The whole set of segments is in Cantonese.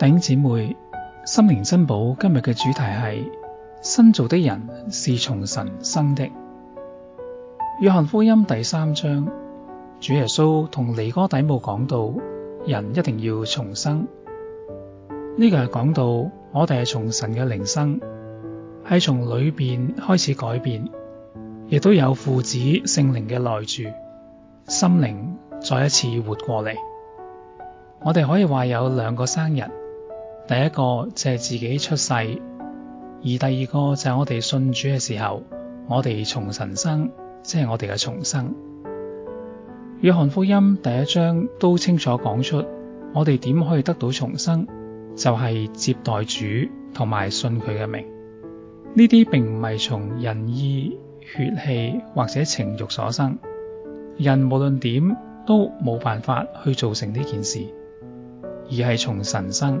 頂姐妹，心靈珍寶今日嘅主題係新造的人是從神生的。約翰福音第三章，主耶穌同尼哥底母講到，人一定要重生。呢個係講到我哋係從神嘅靈生，係從裏邊開始改變，亦都有父子聖靈嘅內住，心靈再一次活過嚟。我哋可以話有兩個生日。第一個就係自己出世，而第二個就係我哋信主嘅時候，我哋從神生，即係我哋嘅重生。約翰福音第一章都清楚講出，我哋點可以得到重生，就係接待主同埋信佢嘅名。呢啲並唔係從人意、血氣或者情欲所生，人無論點都冇辦法去造成呢件事，而係從神生。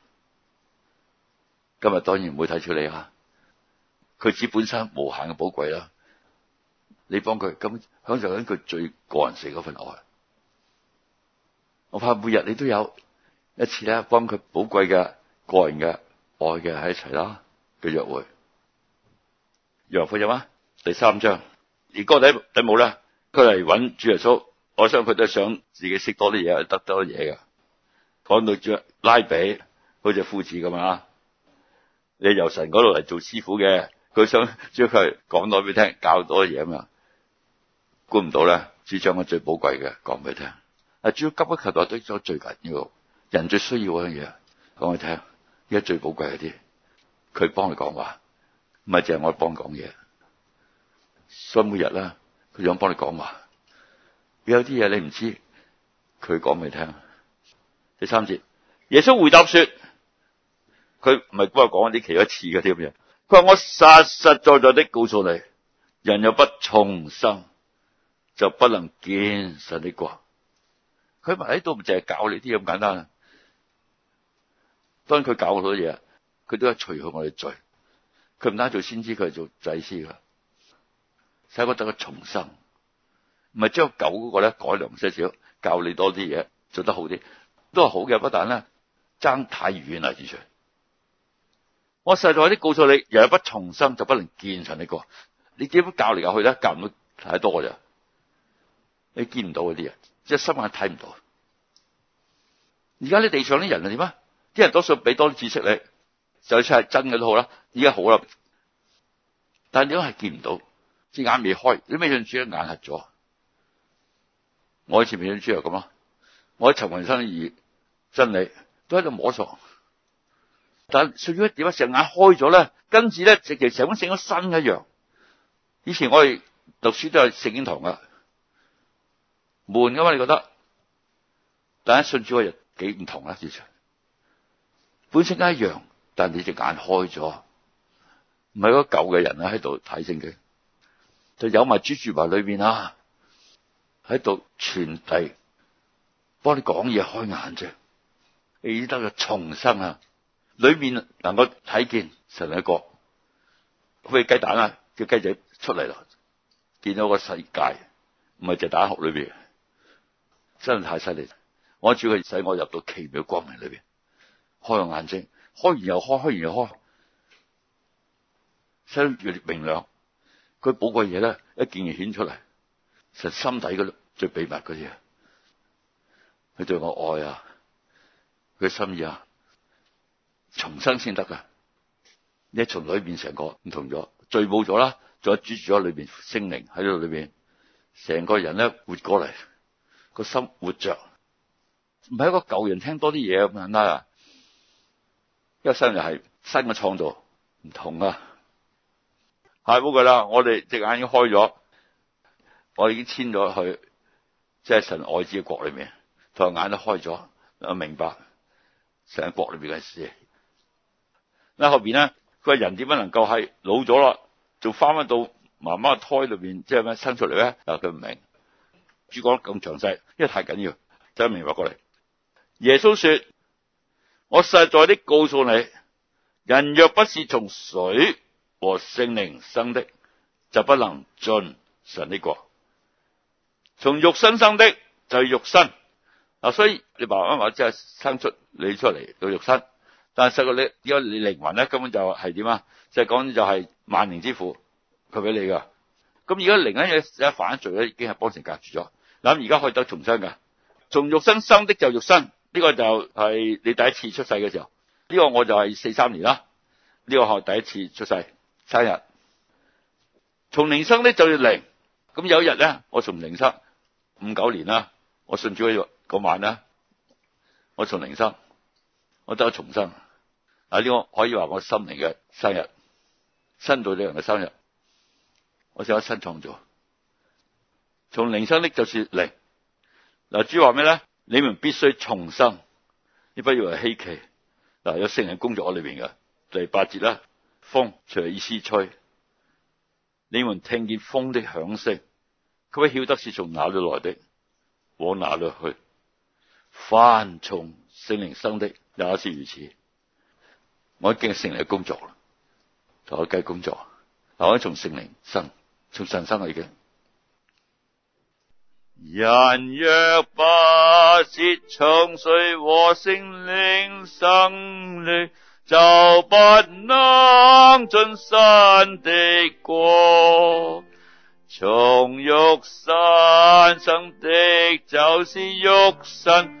今日當然唔會睇出你啦。佢只本身無限嘅寶貴啦，你幫佢咁享受緊佢最個人性嗰份愛。我怕每日你都有一次咧，幫佢寶貴嘅個人嘅愛嘅喺一齊啦嘅約會。約會有咩？第三章尼哥底底母咧，佢嚟搵主耶穌，我想佢都想自己識多啲嘢，得多啲嘢噶。講到將拉比好似夫子咁嘛。你由神嗰度嚟做師傅嘅，佢想主要係講多俾你聽，教多嘢啊嘛。估唔到咧，主將我最寶貴嘅講俾你聽。啊，主要急不及待，對咗最緊要人最需要嗰樣嘢講俾你聽。而家最寶貴嗰啲，佢幫你講話，唔係淨係我幫講嘢。所以每日啦，佢想幫你講話。有啲嘢你唔知，佢講俾你聽。第三節，耶穌回答說。佢唔係光係講啲其他一詞嘅啲咁嘅，佢話，我實實在在的告訴你，人若不重生，就不能見神的國。他在這不只是教」佢咪喺度唔淨係教你啲咁簡單啊？當然佢教好多嘢，佢都係除去我哋罪。佢唔單做先知，佢係做祭司噶。使下我得個重生，唔係將舊嗰個咧改良少少，教你多啲嘢，做得好啲，都係好嘅。不但咧爭太遠啦，主上。我實實在在告訴你，若不重生就不能見神的國。你點樣教嚟教去咧？教唔到太多嘅咋？你見唔到嗰啲人，即係心眼睇唔到。而家啲地上啲人，人點啊？啲人多數俾多啲知識你，就算係真嘅都好啦。而家好啦，但係點解係見唔到？隻眼未開，啲咩珍珠都眼黑咗。我以前咩珍珠又咁咯，我喺陳云生二真理都喺度摸索。但信主一點成眼開咗咧，跟住咧直情成款成咗新一樣。以前我哋讀書都係聖經堂噶，悶噶嘛，你覺得？但係信主嘅人幾唔同啊？完全本身一樣，但係你隻眼開咗，唔係嗰舊嘅人喺度睇聖經，就有埋主住埋裏面啊，喺度傳遞，幫你講嘢、開眼啫，你得就重生啊！裏面能夠睇見神嘅國，好似雞蛋啊，隻雞仔出嚟啦，見到個世界，唔係隻蛋殼裏邊，真係太犀利！我主佢使我入到奇妙光明裏邊，開個眼睛，開完又開，開完又開，相當明亮。佢寶貴嘢咧，一件件顯出嚟，神心底嗰啲最秘密嗰啲啊，佢對我愛啊，佢心意啊。重生先得噶，一從裏邊成個唔同咗，聚寶咗啦，仲有住咗裏邊聖靈喺度，在裏邊成個人咧活過嚟，個心活着，唔係一個舊人聽多啲嘢咁簡單啊！因生就是新嘅係新嘅創造，唔同啊！係冇佢啦，我哋隻眼已經開咗，我已經遷咗去即係、就是、神愛子嘅國裏面，佢個眼都開咗，明白成國裏邊嘅事。喺後邊呢，佢話人點樣能夠係老咗咯，就翻翻到媽媽胎裏邊，即係咩生出嚟咧？嗱，佢唔明，主講得咁詳細，因為太緊要，真係明白過嚟。耶穌說：我實在啲告訴你，人若不是從水和聖靈生的，就不能進神的國。從肉身生的就係肉身，嗱，所以你爸爸媽媽話即係生出你出嚟，就肉身。但係細個你而家你靈魂咧根本就係點啊？就講就係萬靈之父佢俾你噶。咁而家靈一嘢一犯罪咧，已經係幫成隔住咗。咁而家去到得重生噶。從肉身生的就肉身，呢、這個就係你第一次出世嘅時候。呢、這個我就係四三年啦。呢、這個我第一次出世生，生日。從靈生呢，就要靈。咁有一日咧，我從靈生五九年啦。我信主嗰日嗰晚啦，我從靈生。我得我重生，嗱、這、呢個可以話我心靈嘅生日，新造的人嘅生日，我做一新創造。從靈生的就是靈，嗱，主話咩咧？你們必須重生，你不要以為稀奇。嗱，有聖靈工作喺裏邊嘅第八節啦，風隨意思吹，你們聽見風的響聲，佢不曉得是從哪裏來的，往哪裏去，凡從聖靈生的。也是如此，我已經係聖靈嘅工作啦，同我繼續工作了，但我從聖靈生，從神生嚟嘅。人若不是從水和聖靈生的，就不能進神的國。從肉身生的生，就是肉身。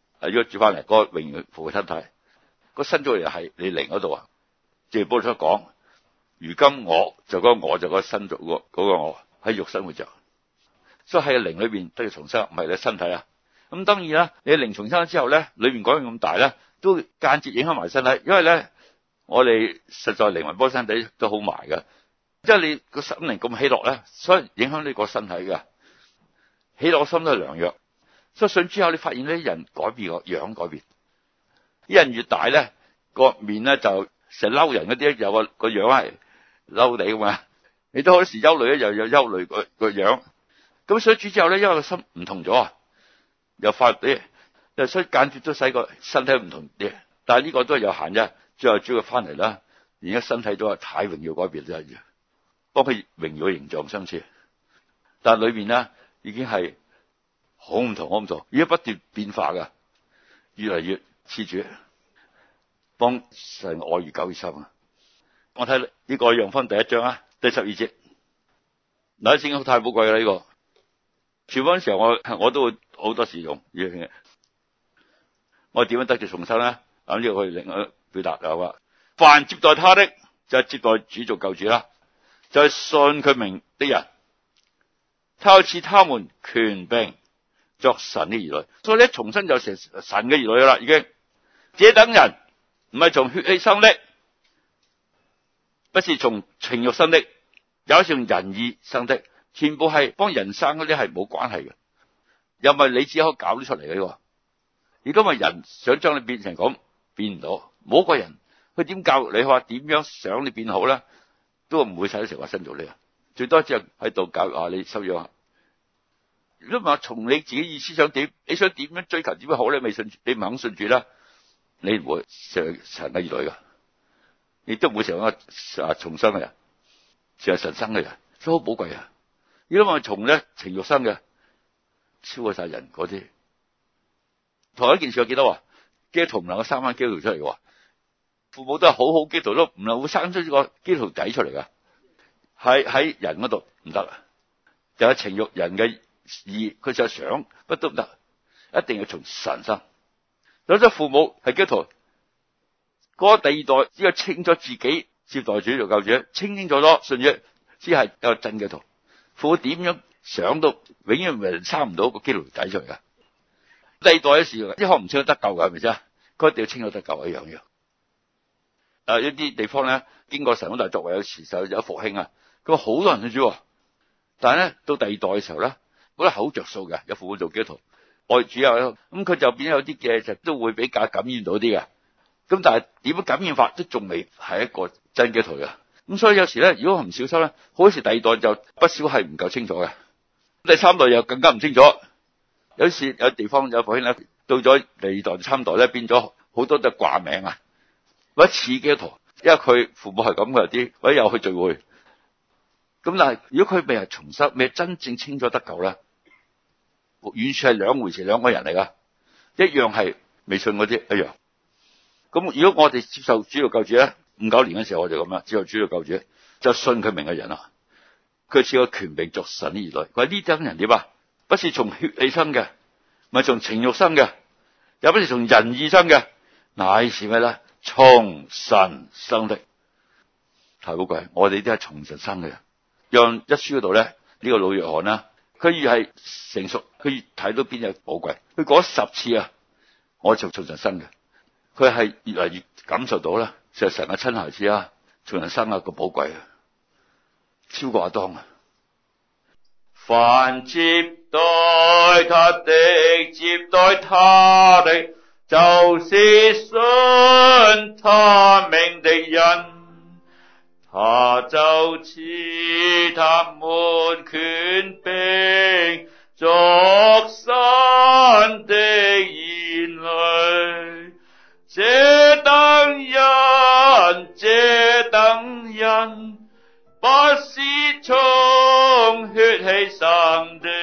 如果住翻嚟，個永遠父身體，個新造又係你靈嗰度啊。借保羅所講，如今我就個我，就個新造、個嗰我喺肉身活着，所以喺靈裏邊都要重生，唔係你身體啊。咁當然啦，你靈重生之後咧，裏面改變咁大咧，都間接影響埋身體，因為咧我哋實在靈魂波身體都好埋噶，即係你個心靈咁喜樂咧，所以影響你個身體噶。喜樂心都係良藥。相信之後，你發現啲人改變個樣，改變啲人越大咧，個面咧就成嬲人嗰啲，有個個樣係嬲你噶嘛。你都好時憂慮又有憂慮個個樣。咁相信之後咧，因為個心唔同咗啊，又發啲，又所以間接都使個身體唔同啲。但係呢個都係有限啫，最後主佢翻嚟。啦而家身體都係太容易改變啦，要幫佢榮耀、形象，相似，但係裏面呢已經係。好唔同，好唔同。而家不斷變化噶，越嚟越黐住，幫神愛如救心啊！我睇呢個用翻第一章啊，第十二節嗱，聖、這、經、個、太寶貴啦！呢、這個全部嘅時候，我我都會好多時用。嘢。我點樣得住重生咧？諗呢個可以另外表達好啊，凡接待他的，就是、接待主做、救主啦。就係、是、信佢名的人，他賜他們權柄。作神嘅兒女，所以咧重新就成神嘅兒女啦。已經，這等人唔係從血氣生的，不是從情欲生的，有時從人意生的，全部係幫人生嗰啲係冇關係嘅，又唔係你只可以搞得出嚟嘅呢個。如果話人想將你變成咁，變唔到。冇一個人佢點教育你，話點樣想你變好咧，都唔會使到成為新造你啊。最多只係喺度教育下你收，收養下。如果話從你自己意思想點，你想點樣追求點樣好，你未信，你唔肯信住啦，你唔會成日神兒女噶，你都唔會成個啊重生嘅人，成日神生嘅人，真好寶貴啊！如果話從咧情慾生嘅，超過晒人嗰啲。同一件事，我記得話，基督徒唔能夠生翻基督徒出嚟喎。父母都係好好基督徒，都唔能夠生出個基督徒仔出嚟噶，係喺人嗰度唔得啊，就係情慾人嘅。而佢就想不都唔得，一定要從神生。有咗父母係基督徒，嗰、那個、第二代只要清楚自己接待主做救主，清清楚楚，信主只係有真嘅途。父母點樣想到永遠唔差唔到個基督徒出嚟噶。第二代嘅時候，一開唔清都得救噶，係咪啫？佢一定要清楚得救一樣樣。啊，一啲地方咧，經過神嗰大作為有慈受有復興啊，佢好多人去住，但係咧到第二代嘅時候咧。我覺得好着數嘅，有父母做基督徒，外主有。咁佢就變咗有啲嘅就都會比較感染到啲嘅。咁但係點樣感染法都仲未係一個真基督徒嘅。咁所以有時咧，如果唔小心咧，好似第二代就不少係唔夠清楚嘅，第三代又更加唔清楚。有時有地方有復興咧，到咗第二代、三代咧變咗好多都掛名啊，或者似基督徒，因為佢父母係咁嘅啲，或者又去聚會。咁但係如果佢未係重生，未真正清楚得夠咧。完全係兩回事，兩個人嚟噶，一樣係未信嗰啲一樣。咁如果我哋接受主道救主咧，五九年嗰時候我哋就咁啦，接受主道救主就信佢名嘅人啦。佢似個權柄作神而來，佢話呢等人點啊？不是從血氣生嘅，唔係從情慾生嘅，又不是從人意生嘅，乃是咩咧？從神生的。太寶貴，我哋都係從神生嘅人。約一書嗰度咧，呢個老約翰啦。佢越係成熟，佢越睇到邊嘢寶貴。佢嗰十次啊，我就做盡人生嘅，佢係越嚟越感受到啦，就成、是、個親孩子啊，做人生啊，個寶貴啊，超過阿當啊。凡接待他的，接待他的，就是信他名的人。祂就賜他們權柄，作神的兒女，這等人，這等人，不是從血氣生的。